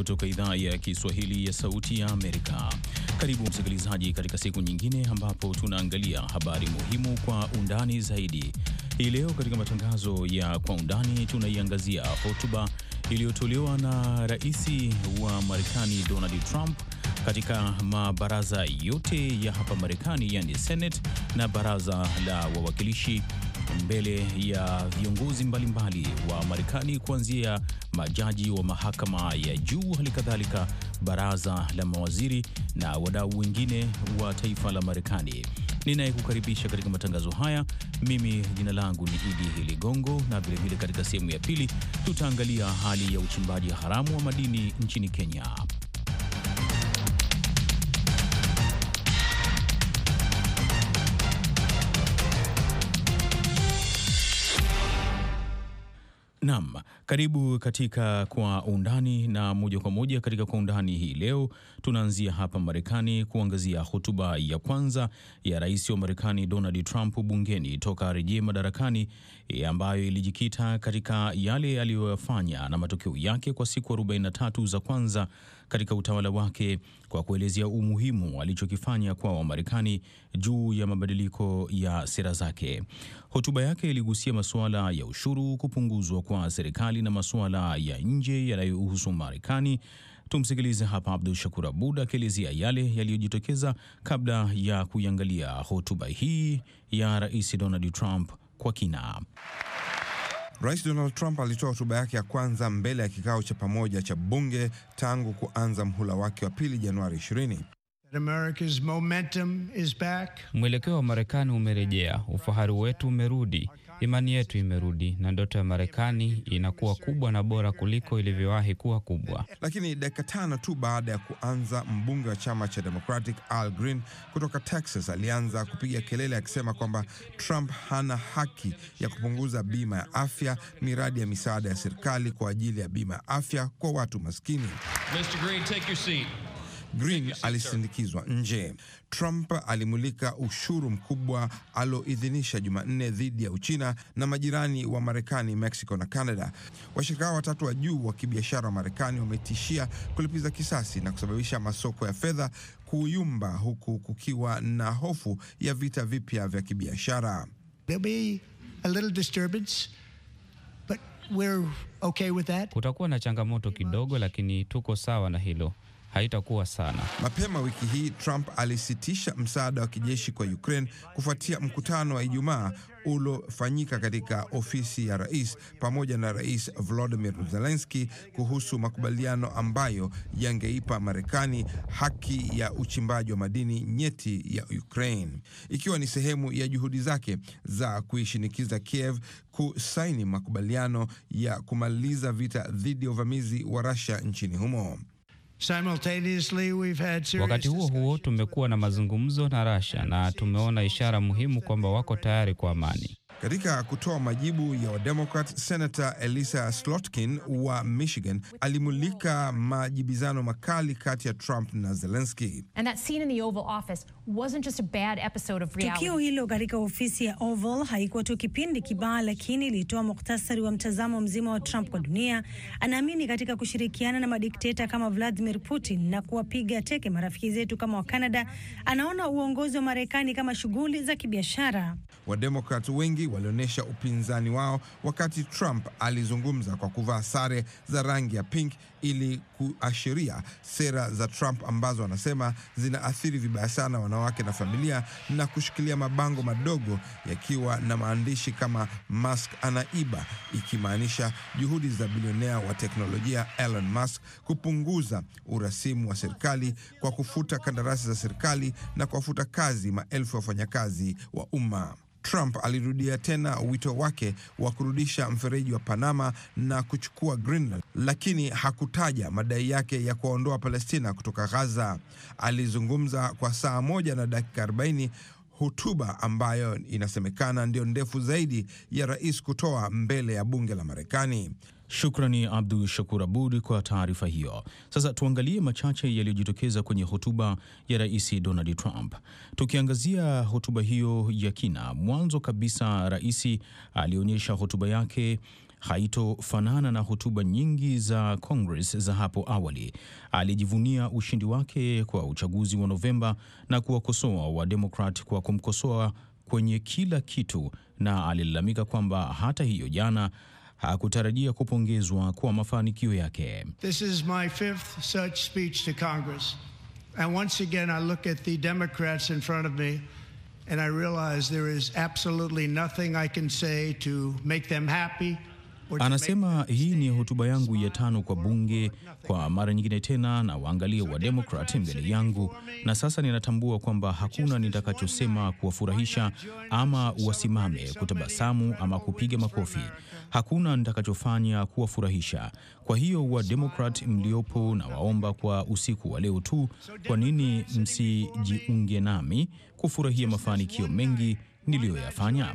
kutoka idhaa ya Kiswahili ya Sauti ya Amerika. Karibu msikilizaji, katika siku nyingine ambapo tunaangalia habari muhimu kwa undani zaidi. Hii leo katika matangazo ya kwa undani tunaiangazia hotuba iliyotolewa na rais wa Marekani Donald Trump katika mabaraza yote ya hapa Marekani, yani Senate na baraza la wawakilishi mbele ya viongozi mbalimbali wa Marekani, kuanzia majaji wa mahakama ya juu, hali kadhalika baraza la mawaziri na wadau wengine wa taifa la Marekani. Ninayekukaribisha katika matangazo haya mimi jina langu ni Idi Ligongo, na vilevile katika sehemu ya pili tutaangalia hali ya uchimbaji haramu wa madini nchini Kenya. nam karibu katika Kwa Undani na moja kwa moja katika Kwa Undani hii leo tunaanzia hapa Marekani kuangazia hotuba ya kwanza ya Rais wa Marekani Donald Trump bungeni toka arejee madarakani e, ambayo ilijikita katika yale aliyoyafanya na matokeo yake kwa siku 43 za kwanza katika utawala wake kwa kuelezea umuhimu alichokifanya kwa Wamarekani juu ya mabadiliko ya sera zake. Hotuba yake iligusia masuala ya ushuru, kupunguzwa kwa serikali na masuala ya nje yanayohusu Marekani. Tumsikilize hapa Abdul Shakur Abud akielezea yale yaliyojitokeza kabla ya kuiangalia hotuba hii ya Rais Donald Trump kwa kina. Rais Donald Trump alitoa hotuba yake ya kwanza mbele ya kikao cha pamoja cha bunge tangu kuanza mhula wake wa pili Januari 20. Mwelekeo wa Marekani umerejea, ufahari wetu umerudi, Imani yetu imerudi na ndoto ya Marekani inakuwa kubwa na bora kuliko ilivyowahi kuwa kubwa. Lakini dakika tano tu baada ya kuanza, mbunge wa chama cha Democratic Al Green kutoka Texas alianza kupiga kelele akisema kwamba Trump hana haki ya kupunguza bima ya afya, miradi ya misaada ya serikali kwa ajili ya bima ya afya kwa watu maskini. Mr. Green, take your seat. Green alisindikizwa nje. Trump alimulika ushuru mkubwa alioidhinisha Jumanne dhidi ya Uchina na majirani wa Marekani, Mexico na Canada. Washirika hao watatu wa juu wa kibiashara wa Marekani wametishia kulipiza kisasi na kusababisha masoko ya fedha kuyumba, huku kukiwa na hofu ya vita vipya vya kibiashara. Okay, kutakuwa na changamoto kidogo, lakini tuko sawa na hilo haitakuwa sana. Mapema wiki hii Trump alisitisha msaada wa kijeshi kwa Ukraine kufuatia mkutano wa Ijumaa uliofanyika katika ofisi ya rais pamoja na Rais Volodymyr Zelensky kuhusu makubaliano ambayo yangeipa Marekani haki ya uchimbaji wa madini nyeti ya Ukraine, ikiwa ni sehemu ya juhudi zake za kuishinikiza Kiev kusaini makubaliano ya kumaliza vita dhidi ya uvamizi wa Russia nchini humo. Wakati huo huo, tumekuwa na mazungumzo na Russia na tumeona ishara muhimu kwamba wako tayari kwa amani. Katika kutoa majibu ya Wademokrat, Senator Elisa Slotkin wa Michigan alimulika majibizano makali kati ya Trump na Zelensky. And that scene in the Oval Office wasn't just a bad episode of reality. Tukio hilo katika ofisi ya Oval haikuwa tu kipindi kibaya, lakini ilitoa muktasari wa mtazamo mzima wa Trump kwa dunia. Anaamini katika kushirikiana na madikteta kama Vladimir Putin na kuwapiga teke marafiki zetu kama wa Canada. Anaona uongozi wa Marekani kama shughuli za kibiashara. Wademokrat wengi walionyesha upinzani wao wakati Trump alizungumza kwa kuvaa sare za rangi ya pink ili kuashiria sera za Trump ambazo anasema zinaathiri vibaya sana wanawake na familia, na kushikilia mabango madogo yakiwa na maandishi kama Musk anaiba, ikimaanisha juhudi za bilionea wa teknolojia Elon Musk kupunguza urasimu wa serikali kwa kufuta kandarasi za serikali na kuwafuta kazi maelfu ya wafanyakazi wa umma. Trump alirudia tena wito wake wa kurudisha mfereji wa Panama na kuchukua Greenland, lakini hakutaja madai yake ya kuwaondoa Palestina kutoka Gaza. Alizungumza kwa saa moja na dakika 40 hotuba ambayo inasemekana ndio ndefu zaidi ya rais kutoa mbele ya bunge la Marekani. Shukrani Abdu Shakur Abud kwa taarifa hiyo. Sasa tuangalie machache yaliyojitokeza kwenye hotuba ya rais Donald Trump. Tukiangazia hotuba hiyo ya kina, mwanzo kabisa rais alionyesha hotuba yake haitofanana na hotuba nyingi za Congress za hapo awali. Alijivunia ushindi wake kwa uchaguzi wa Novemba na kuwakosoa Wademokrat kwa kumkosoa kwenye kila kitu, na alilalamika kwamba hata hiyo jana hakutarajia kupongezwa kwa mafanikio yake. This is my fifth such speech to Congress. And once again I look at the Democrats in front of me and I realize there is absolutely nothing I can say to make them happy Anasema hii ni hotuba yangu ya tano kwa bunge kwa mara nyingine tena, na waangalie wa Demokrat mbele yangu, na sasa ninatambua kwamba hakuna nitakachosema kuwafurahisha ama wasimame kutabasamu ama kupiga makofi. Hakuna nitakachofanya kuwafurahisha. Kwa hiyo wa Demokrat mliopo, na waomba kwa usiku wa leo tu, kwa nini msijiunge nami kufurahia mafanikio mengi niliyoyafanya.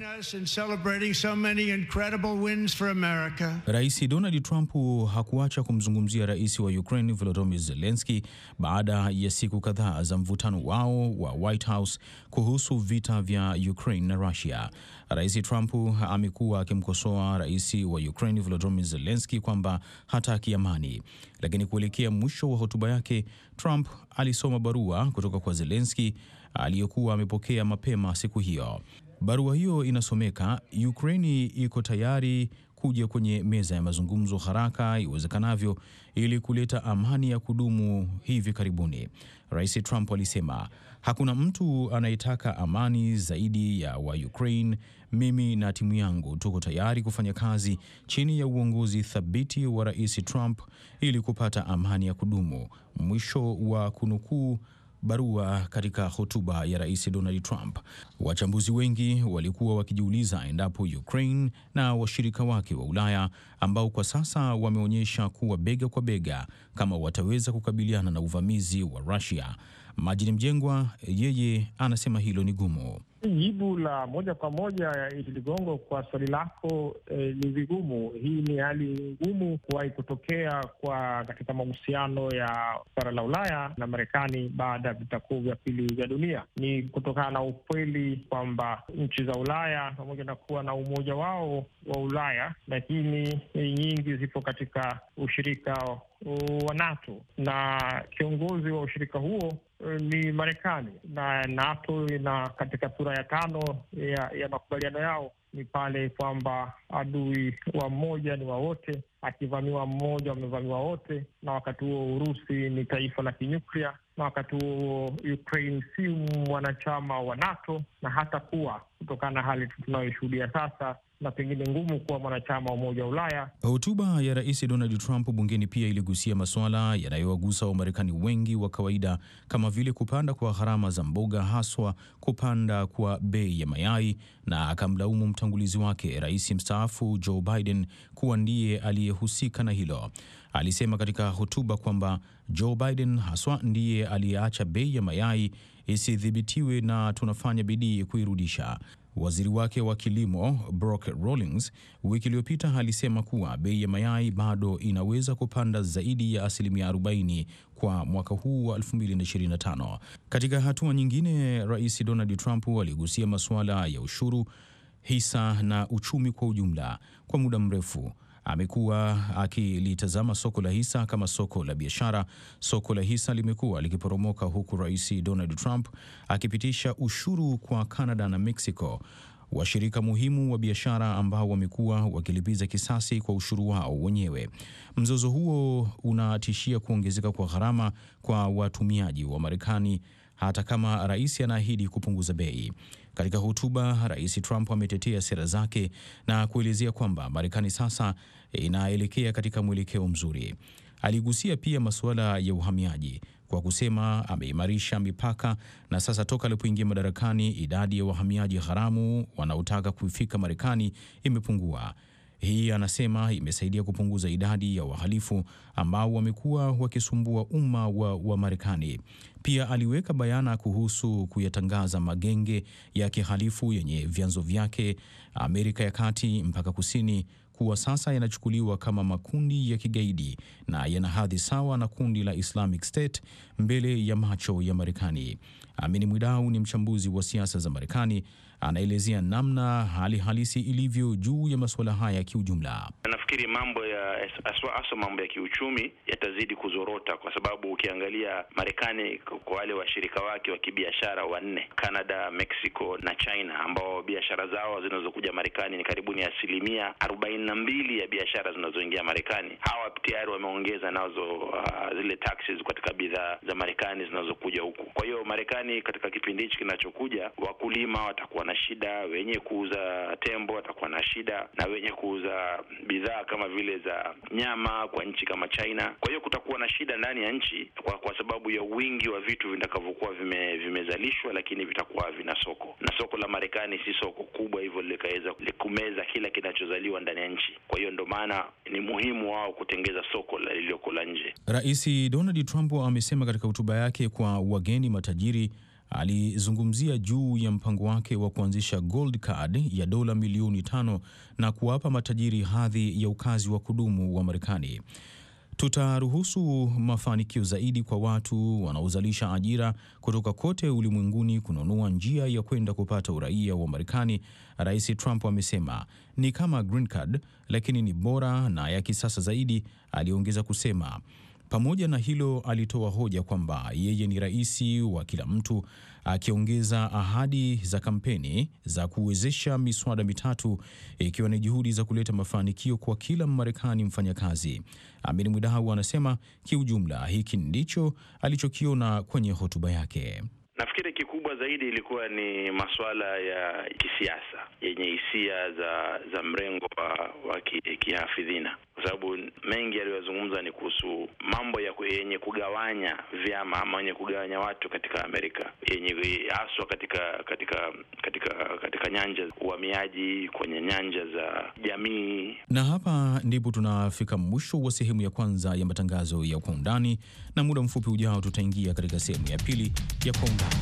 Rais Donald Trump hakuacha kumzungumzia rais wa Ukraine Volodymyr Zelensky baada ya siku kadhaa za mvutano wao wa White House kuhusu vita vya Ukraine na Russia. Rais Trump amekuwa akimkosoa rais wa Ukraine Volodymyr Zelensky kwamba hataki amani, lakini kuelekea mwisho wa hotuba yake Trump alisoma barua kutoka kwa Zelensky aliyokuwa amepokea mapema siku hiyo. Barua hiyo inasomeka: Ukraini iko tayari kuja kwenye meza ya mazungumzo haraka iwezekanavyo ili kuleta amani ya kudumu. Hivi karibuni Rais Trump alisema hakuna mtu anayetaka amani zaidi ya wa Ukraine. Mimi na timu yangu tuko tayari kufanya kazi chini ya uongozi thabiti wa Rais Trump ili kupata amani ya kudumu, mwisho wa kunukuu barua katika hotuba ya Rais Donald Trump. Wachambuzi wengi walikuwa wakijiuliza endapo Ukraine na washirika wake wa Ulaya ambao kwa sasa wameonyesha kuwa bega kwa bega kama wataweza kukabiliana na uvamizi wa Russia. Majini Mjengwa yeye anasema hilo ni gumu. Jibu la moja kwa moja Idi Ligongo kwa swali lako eh, ni vigumu. Hii ni hali ngumu kuwahi kutokea kwa katika mahusiano ya bara la Ulaya na Marekani baada ya vita kuu vya pili vya dunia. Ni kutokana na ukweli kwamba nchi za Ulaya pamoja na kuwa na umoja wao wa Ulaya, lakini nyingi zipo katika ushirika wa NATO na kiongozi wa ushirika huo e, ni Marekani na NATO ina katika sura ya tano ya, ya makubaliano yao ni pale kwamba adui wa mmoja ni wa wote, akivamiwa mmoja wamevamiwa wote. Na wakati huo Urusi ni taifa la kinyuklia, na wakati huo Ukraine si mwanachama wa NATO, na hata kuwa kutokana na hali tunayoshuhudia sasa na pengine ngumu kuwa mwanachama wa Umoja wa Ulaya. Hotuba ya Rais Donald Trump bungeni pia iligusia masuala yanayowagusa Wamarekani wengi wa kawaida kama vile kupanda kwa gharama za mboga, haswa kupanda kwa bei ya mayai, na akamlaumu mtangulizi wake rais mstaafu Joe Biden kuwa ndiye aliyehusika na hilo. Alisema katika hotuba kwamba Joe Biden haswa ndiye aliyeacha bei ya mayai isidhibitiwe na tunafanya bidii kuirudisha. Waziri wake wa kilimo Brock Rawlings wiki iliyopita alisema kuwa bei ya mayai bado inaweza kupanda zaidi ya asilimia 40 kwa mwaka huu wa 2025. Katika hatua nyingine, Rais Donald Trump aligusia masuala ya ushuru, hisa na uchumi kwa ujumla. Kwa muda mrefu amekuwa akilitazama soko la hisa kama soko la biashara. Soko la hisa limekuwa likiporomoka huku Rais Donald Trump akipitisha ushuru kwa Canada na Mexico, washirika muhimu wa biashara ambao wamekuwa wakilipiza kisasi kwa ushuru wao wenyewe. Mzozo huo unatishia kuongezeka kwa gharama kwa watumiaji wa Marekani hata kama rais anaahidi kupunguza bei. Katika hotuba, Rais Trump ametetea sera zake na kuelezea kwamba Marekani sasa inaelekea katika mwelekeo mzuri. Aligusia pia masuala ya uhamiaji kwa kusema ameimarisha mipaka na sasa toka alipoingia madarakani idadi ya wahamiaji haramu wanaotaka kufika Marekani imepungua. Hii anasema imesaidia kupunguza idadi ya wahalifu ambao wamekuwa wakisumbua umma wa, wa Marekani. Pia aliweka bayana kuhusu kuyatangaza magenge ya kihalifu yenye vyanzo vyake Amerika ya Kati mpaka Kusini kuwa sasa yanachukuliwa kama makundi ya kigaidi na yana hadhi sawa na kundi la Islamic State mbele ya macho ya Marekani. Amini Mwidau ni mchambuzi wa siasa za Marekani anaelezea namna hali halisi ilivyo juu ya masuala haya kiujumla. Nafikiri mambo ya aswa aswa, mambo ya kiuchumi yatazidi kuzorota, kwa sababu ukiangalia Marekani kwa wale washirika wake wa kibiashara wanne, Canada, Mexico na China, ambao biashara zao zinazokuja Marekani ni karibuni asilimia arobaini na mbili ya biashara zinazoingia Marekani. Hawa tayari wameongeza nazo uh, zile taxes katika bidhaa za Marekani zinazokuja huku. Kwa hiyo Marekani katika kipindi hichi kinachokuja, wakulima watakuwa na shida, wenye kuuza tembo watakuwa na shida, na wenye kuuza bidhaa kama vile za nyama kwa nchi kama China. Kwa hiyo kutakuwa na shida ndani ya nchi kwa, kwa sababu ya wingi wa vitu vitakavyokuwa vime, vimezalishwa lakini vitakuwa vina soko, na soko la Marekani si soko kubwa hivyo likaweza kumeza kila kinachozaliwa ndani ya nchi. Kwa hiyo ndo maana ni muhimu wao kutengeza soko lililoko la nje. Rais Donald Trump amesema katika hotuba yake kwa wageni matajiri alizungumzia juu ya mpango wake wa kuanzisha Gold Card ya dola milioni tano na kuwapa matajiri hadhi ya ukazi wa kudumu wa Marekani. Tutaruhusu mafanikio zaidi kwa watu wanaozalisha ajira kutoka kote ulimwenguni kununua njia ya kwenda kupata uraia wa Marekani, Rais Trump amesema. Ni kama green card, lakini ni bora na ya kisasa zaidi, aliongeza kusema. Pamoja na hilo, alitoa hoja kwamba yeye ni rais wa kila mtu, akiongeza ahadi za kampeni za kuwezesha miswada mitatu ikiwa ni juhudi za kuleta mafanikio kwa kila marekani mfanyakazi. Amin Mwidau anasema kiujumla, hiki ndicho alichokiona kwenye hotuba yake. Nafikiri kikubwa zaidi ilikuwa ni masuala ya kisiasa yenye hisia za za mrengo wa, wa kihafidhina ki sababu mengi yaliyozungumza ni kuhusu mambo ya yenye kugawanya vyama ama yenye kugawanya watu katika Amerika, yenye haswa katika katika katika katika nyanja uhamiaji, kwenye nyanja za jamii. Na hapa ndipo tunafika mwisho wa sehemu ya kwanza ya matangazo ya kwa undani, na muda mfupi ujao tutaingia katika sehemu ya pili ya kwa undani.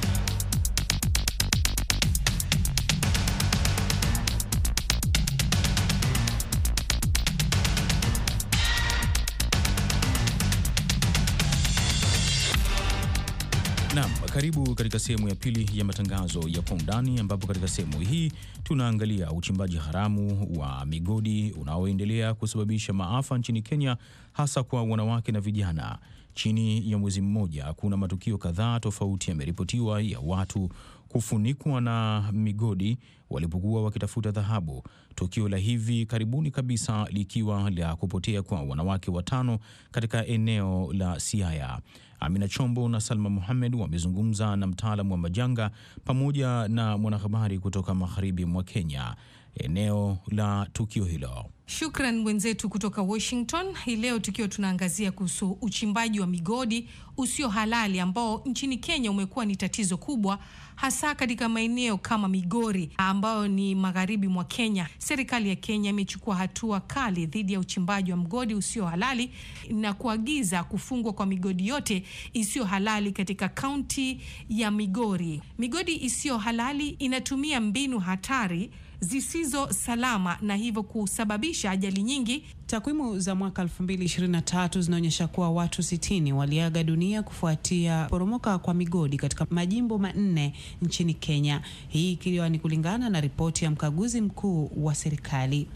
Karibu katika sehemu ya pili ya matangazo ya kwa undani, ambapo katika sehemu hii tunaangalia uchimbaji haramu wa migodi unaoendelea kusababisha maafa nchini Kenya, hasa kwa wanawake na vijana. Chini ya mwezi mmoja, kuna matukio kadhaa tofauti yameripotiwa ya watu kufunikwa na migodi walipokuwa wakitafuta dhahabu, tukio la hivi karibuni kabisa likiwa la kupotea kwa wanawake watano katika eneo la Siaya. Amina Chombo na Salma Muhamed wamezungumza na mtaalamu wa majanga pamoja na mwanahabari kutoka magharibi mwa Kenya eneo la tukio hilo. Shukran mwenzetu kutoka Washington. Hii leo tukiwa tunaangazia kuhusu uchimbaji wa migodi usio halali ambao nchini Kenya umekuwa ni tatizo kubwa, hasa katika maeneo kama Migori ambayo ni magharibi mwa Kenya. Serikali ya Kenya imechukua hatua kali dhidi ya uchimbaji wa mgodi usio halali na kuagiza kufungwa kwa migodi yote isiyo halali katika kaunti ya Migori. Migodi isiyo halali inatumia mbinu hatari zisizo salama na hivyo kusababisha ajali nyingi. Takwimu za mwaka 2023 zinaonyesha kuwa watu 60 waliaga dunia kufuatia poromoka kwa migodi katika majimbo manne nchini Kenya, hii ikiwa ni kulingana na ripoti ya mkaguzi mkuu wa serikali.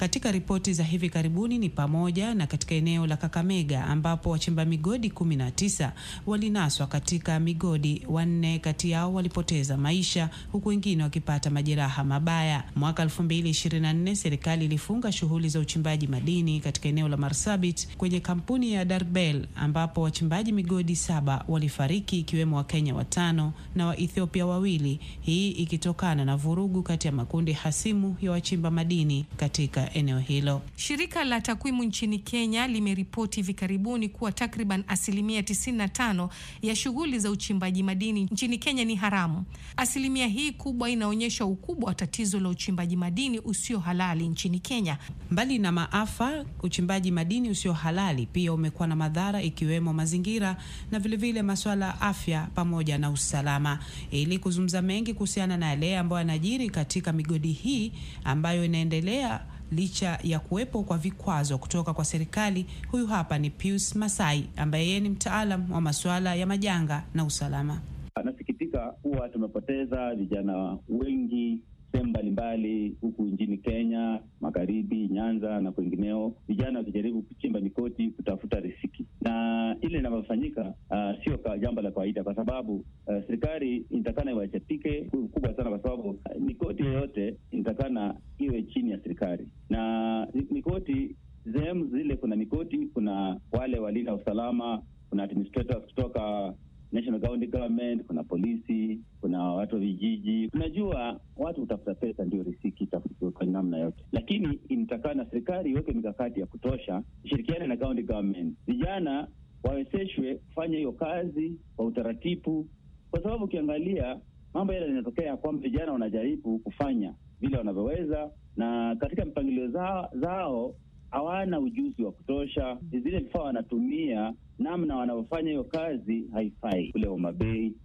Katika ripoti za hivi karibuni ni pamoja na katika eneo la Kakamega ambapo wachimba migodi 19 walinaswa katika migodi, wanne kati yao walipoteza maisha huku wengine wakipata majeraha mabaya. Mwaka 2024 serikali ilifunga shughuli za uchimbaji madini katika eneo la Marsabit kwenye kampuni ya Darbel ambapo wachimbaji migodi saba walifariki ikiwemo Wakenya watano na Waethiopia wawili, hii ikitokana na vurugu kati ya makundi hasimu ya wachimba madini katika eneo hilo. Shirika la takwimu nchini Kenya limeripoti hivi karibuni kuwa takriban asilimia 95 ya shughuli za uchimbaji madini nchini Kenya ni haramu. Asilimia hii kubwa inaonyesha ukubwa wa tatizo la uchimbaji madini usio halali nchini Kenya. Mbali na maafa, uchimbaji madini usio halali pia umekuwa na madhara ikiwemo mazingira na vilevile masuala ya afya pamoja na usalama. Ili kuzungumza mengi kuhusiana na yale ambayo yanajiri katika migodi hii ambayo inaendelea licha ya kuwepo kwa vikwazo kutoka kwa serikali. Huyu hapa ni Pius Masai ambaye yeye ni mtaalam wa masuala ya majanga na usalama. anasikitika kuwa tumepoteza vijana wengi sehemu mbalimbali huku nchini Kenya, magharibi, Nyanza na kwengineo, vijana wakijaribu kuchimba mikoti kutafuta riziki na ile inavyofanyika uh, sio jambo la kawaida, kwa sababu uh, serikali inatakana iwachapike kubwa sana, kwa sababu uh, mikoti yoyote inatakana iwe chini ya serikali na mikoti sehemu zile, kuna mikoti, kuna wale walinda usalama, kuna administrators kutoka national county government, kuna polisi, kuna watu wa vijiji. Tunajua watu hutafuta pesa ndio risiki kwa namna yote, lakini inatakana na serikali iweke mikakati ya kutosha, shirikiane na county government, vijana wawezeshwe kufanya hiyo kazi kwa utaratibu, kwa sababu ukiangalia mambo yale yanatokea kwamba vijana wanajaribu kufanya vile wanavyoweza, na katika mpangilio zao, zao hawana ujuzi wa kutosha. Zile vifaa wanatumia namna wanavyofanya hiyo kazi haifai kule Homa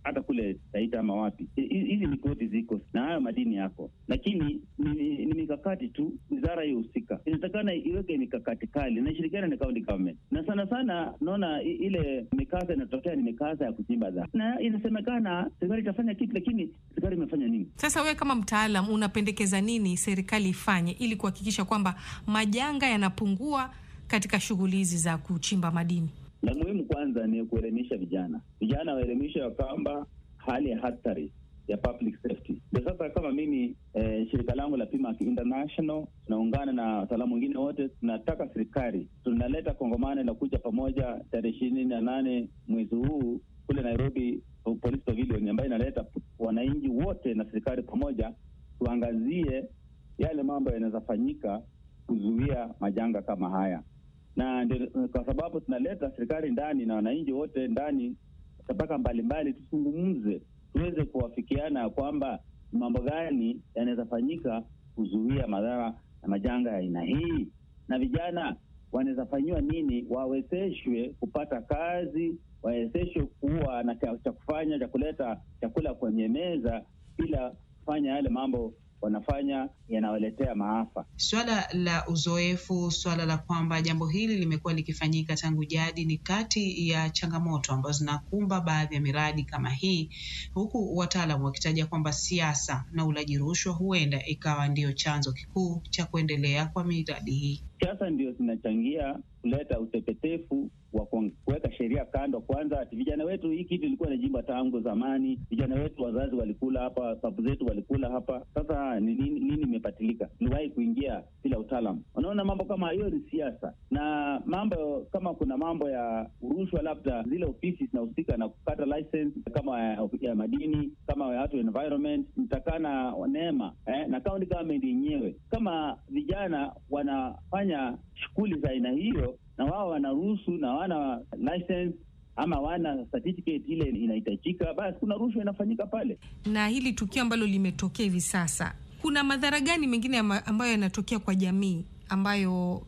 hata kule Taita ama wapi. Hizi ripoti ziko na hayo madini yako, lakini ni mikakati tu. Wizara hiyo husika inatakana iweke mikakati kali na ishirikiane na county government, na sana sana naona ile mikasa inatokea ni mikasa ya kuchimba dhahabu, na inasemekana serikali itafanya kitu, lakini serikali imefanya nini? Sasa wewe kama mtaalam unapendekeza nini serikali ifanye ili kuhakikisha kwamba majanga yanapungua katika shughuli hizi za kuchimba madini? La muhimu kwanza ni kuelimisha vijana, vijana waelimishwe ya kwamba hali ya hatari ya public safety. Ndio sasa kama mimi eh, shirika langu la Pima International tunaungana na wataalamu wengine wote, tunataka serikali, tunaleta kongamano la kuja pamoja tarehe ishirini na nane mwezi huu kule Nairobi Police Pavilion, ambayo inaleta wananchi wote na serikali pamoja, tuangazie yale mambo yanaweza fanyika kuzuia majanga kama haya na kwa sababu tunaleta serikali ndani na wananchi wote ndani, tabaka mbalimbali, tuzungumze, tuweze kuwafikiana kwamba mambo gani yanaweza fanyika kuzuia madhara na majanga ya aina hii, na vijana wanaweza fanyiwa nini, wawezeshwe kupata kazi, wawezeshwe kuwa na cha kufanya cha kuleta chakula kwenye meza bila kufanya yale mambo wanafanya yanawaletea maafa. Swala la uzoefu, swala la kwamba jambo hili limekuwa likifanyika tangu jadi ni kati ya changamoto ambazo zinakumba baadhi ya miradi kama hii, huku wataalamu wakitaja kwamba siasa na ulaji rushwa huenda ikawa ndiyo chanzo kikuu cha kuendelea kwa miradi hii. Siasa ndio zinachangia kuleta utepetefu wa kuweka sheria kando kwanza. Ati vijana wetu, hii kitu ilikuwa inajimba tangu zamani, vijana wetu wazazi walikula hapa, babu zetu walikula hapa. Sasa nini imepatilika? Tuliwahi kuingia bila utaalamu. Unaona, mambo kama hiyo ni siasa, na mambo kama kuna mambo ya rushwa, labda zile ofisi zinahusika na kukata license kama ya, madini kama ya watu environment, neema eh, na county government yenyewe, kama vijana wanafanya shughuli za aina hiyo na wao wanaruhusu na wana license ama wana certificate ile inahitajika, basi kuna rushwa inafanyika pale. Na hili tukio ambalo limetokea hivi sasa, kuna madhara gani mengine ambayo yanatokea kwa jamii ambayo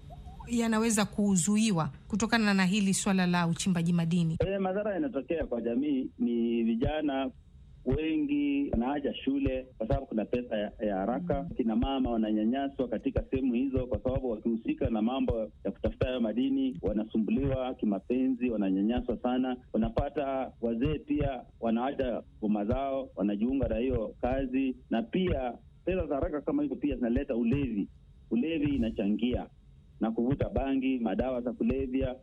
yanaweza kuzuiwa kutokana na hili swala la uchimbaji madini? E, madhara yanatokea kwa jamii ni vijana wengi wanaacha shule kwa sababu kuna pesa ya haraka. Mm. Kina mama wananyanyaswa katika sehemu hizo, kwa sababu wakihusika na mambo ya kutafuta hayo madini wanasumbuliwa kimapenzi, wananyanyaswa sana. Unapata wazee pia wanaacha boma zao, wanajiunga na hiyo kazi, na pia pesa za haraka kama hizo pia zinaleta ulevi. Ulevi inachangia na kuvuta bangi, madawa za kulevya.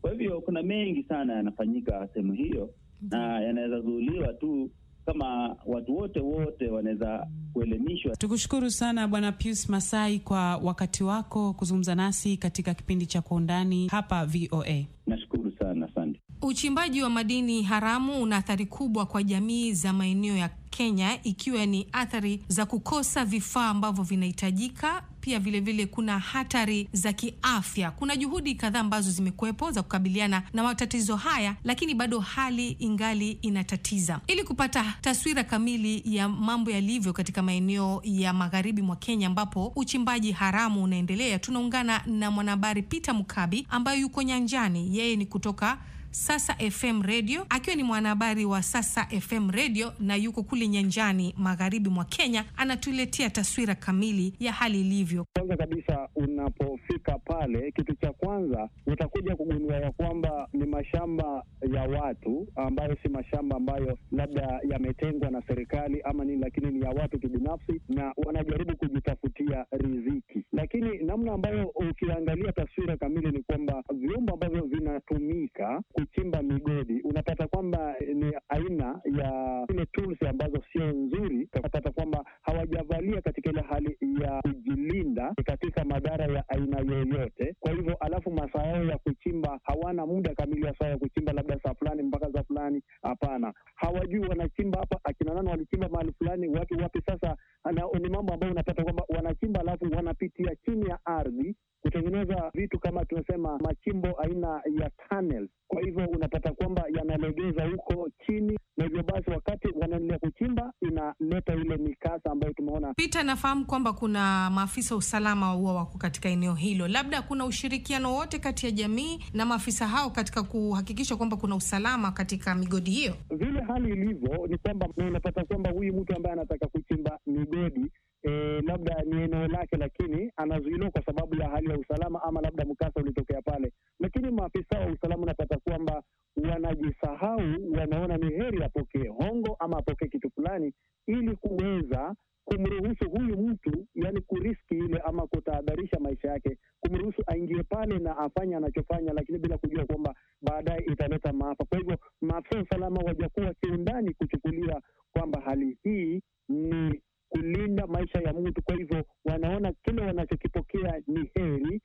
Kwa hivyo kuna mengi sana yanafanyika sehemu hiyo, na yanaweza zuuliwa tu kama watu wote wote wanaweza kuelimishwa. Tukushukuru sana Bwana Pius Masai kwa wakati wako kuzungumza nasi katika kipindi cha Kwa Undani hapa VOA. Nashukuru sana, asante. Uchimbaji wa madini haramu una athari kubwa kwa jamii za maeneo ya Kenya ikiwa ni athari za kukosa vifaa ambavyo vinahitajika. Pia vilevile vile kuna hatari za kiafya. Kuna juhudi kadhaa ambazo zimekuwepo za kukabiliana na matatizo haya, lakini bado hali ingali inatatiza. Ili kupata taswira kamili ya mambo yalivyo katika maeneo ya magharibi mwa Kenya ambapo uchimbaji haramu unaendelea, tunaungana na mwanahabari Peter Mukabi ambaye yuko nyanjani. Yeye ni kutoka sasa FM Radio, akiwa ni mwanahabari wa Sasa FM Radio na yuko kule nyanjani magharibi mwa Kenya, anatuletea taswira kamili ya hali ilivyo. Kwanza kabisa, unapofika pale, kitu cha kwanza utakuja kugundua ya kwamba ni mashamba ya watu ambayo si mashamba ambayo labda yametengwa na serikali ama nini, lakini ni ya watu kibinafsi na wanajaribu kujitafutia riziki. Lakini namna ambayo ukiangalia taswira kamili ni kwamba vyombo ambavyo vinatumika kuchimba migodi, unapata kwamba ni aina ya zile tools ambazo sio nzuri. Unapata kwamba hawajavalia katika ile hali ya kujilinda katika madhara ya aina yoyote. Kwa hivyo, alafu masaa yao ya kuchimba hawana muda kamili wa saa ya kuchimba, labda saa fulani mpaka saa fulani. Hapana, hawajui wanachimba hapa, akina nani walichimba mahali fulani, watu wapi. Sasa ni mambo ambayo unapata kwamba wanachimba, alafu wanapitia chini ya ardhi kutengeneza vitu kama tunasema machimbo aina ya tunnels hivyo unapata kwamba yanalegeza huko chini, na hivyo basi wakati wanaendelea kuchimba inaleta ile mikasa ambayo tumeona. Peter, nafahamu kwamba kuna maafisa usalama huwa wako katika eneo hilo, labda kuna ushirikiano wote kati ya jamii na maafisa hao katika kuhakikisha kwamba kuna usalama katika migodi hiyo. Vile hali ilivyo ni kwamba unapata kwamba huyu mtu ambaye anataka kuchimba migodi E, labda ni eneo lake, lakini anazuiliwa kwa sababu ya hali ya usalama, ama labda mkasa ulitokea pale maafisa wa usalama unapata kwamba wanajisahau, wanaona ni heri apokee hongo ama apokee kitu fulani ili kuweza kumruhusu huyu mtu yani kuriski ile ama kutahadharisha maisha yake, kumruhusu aingie pale na afanye anachofanya, lakini bila kujua kwamba baadaye italeta maafa. Kwa hivyo maafisa wa usalama wajakuwa kiundani kuchukulia kwamba hali hii ni kulinda maisha ya mtu. Kwa hivyo wanaona kile wanachokipokea ni heri,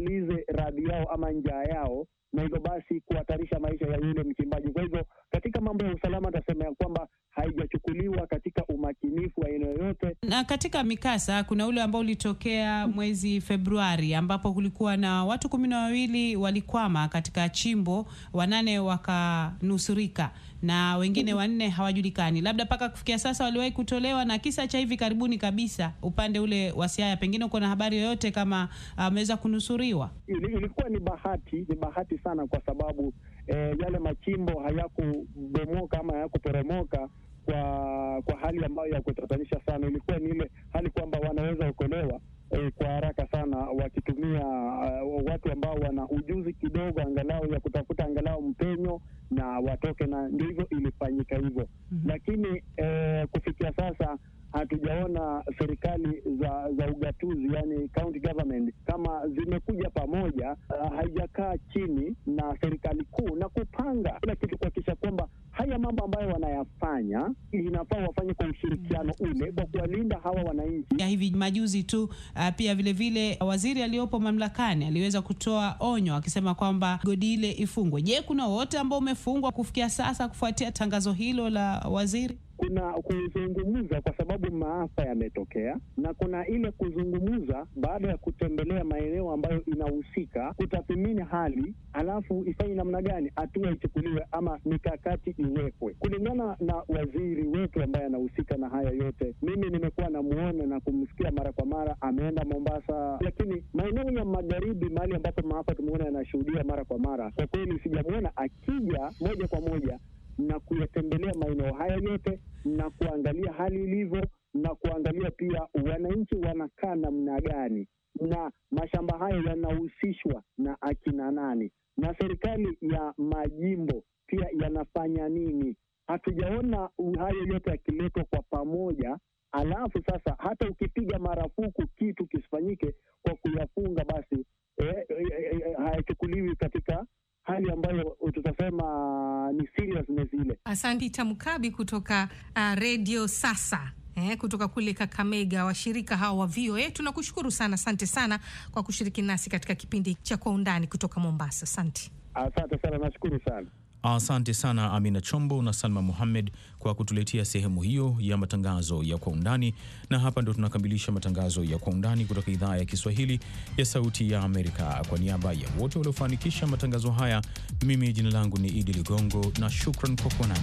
wamalize radhi yao ama njaa yao, na hivyo basi kuhatarisha maisha ya yule mchimbaji. Kwa hivyo katika mambo ya usalama, atasema ya kwamba haijachukuliwa katika umakinifu wa eneo yote na katika mikasa kuna ule ambao ulitokea mwezi Februari ambapo kulikuwa na watu kumi na wawili walikwama katika chimbo, wanane wakanusurika na wengine wanne hawajulikani, labda mpaka kufikia sasa waliwahi kutolewa. Na kisa cha hivi karibuni kabisa upande ule wa Siaya, pengine uko na habari yoyote kama ameweza uh, kunusuriwa? Ilikuwa ni bahati, ni bahati sana kwa sababu eh, yale machimbo hayakubomoka ama hayakuporomoka kwa kwa hali ambayo ya kutatanisha sana. Ilikuwa ni ile hali kwamba wanaweza okolewa e, eh, kwa haraka sana wakitumia uh, watu ambao wana ujuzi kidogo angalau ya kutafuta angalau mpenyo na watoke, na ndivyo hivyo ilifanyika hivyo mm -hmm. Lakini e, kufikia sasa hatujaona serikali za za ugatuzi yani county government kama zimekuja pamoja, uh, haijakaa chini na serikali kuu na kupanga kila kitu kuhakikisha kwamba haya mambo ambayo wanayafanya inafaa wafanye kwa ushirikiano ule kwa kuwalinda hawa wananchi. Ya hivi majuzi tu uh, pia vilevile vile, waziri aliyopo mamlakani aliweza kutoa onyo akisema kwamba godi ile ifungwe. Je, kuna wote ambao umefungwa kufikia sasa kufuatia tangazo hilo la waziri? kuna kuzungumza kwa sababu maafa yametokea, na kuna ile kuzungumza baada ya kutembelea maeneo ambayo inahusika kutathimini hali, alafu ifanye namna gani, hatua ichukuliwe ama mikakati iwekwe kulingana na waziri wetu ambaye anahusika na haya yote. Mimi nimekuwa namuona na kumsikia mara kwa mara, ameenda Mombasa, lakini maeneo ya magharibi, mahali ambapo maafa tumeona yanashuhudia mara kwa mara, kwa kweli sijamuona akija moja kwa moja na kuyatembelea maeneo haya yote na kuangalia hali ilivyo na kuangalia pia wananchi wanakaa namna gani na mashamba hayo yanahusishwa na akina nani na serikali ya majimbo pia yanafanya nini. Hatujaona hayo yote yakiletwa kwa pamoja, alafu sasa hata ukipiga marafuku kitu kisifanyike kwa kuyafunga, basi eh, eh, eh, eh hayachukuliwi katika hali ambayo tutasema ni seriousness ile. Asante Tamukabi kutoka uh, Radio Sasa eh, kutoka kule Kakamega, washirika hawa wa VOA. Tunakushukuru sana, asante sana kwa kushiriki nasi katika kipindi cha Kwa Undani kutoka Mombasa. Asante, asante sana, nashukuru sana. Asante sana Amina Chombo na Salma Muhammed kwa kutuletea sehemu hiyo ya matangazo ya kwa undani, na hapa ndo tunakamilisha matangazo ya kwa undani kutoka idhaa ya Kiswahili ya Sauti ya Amerika. Kwa niaba ya wote waliofanikisha matangazo haya, mimi jina langu ni Idi Ligongo na shukran kwa kuwa nami.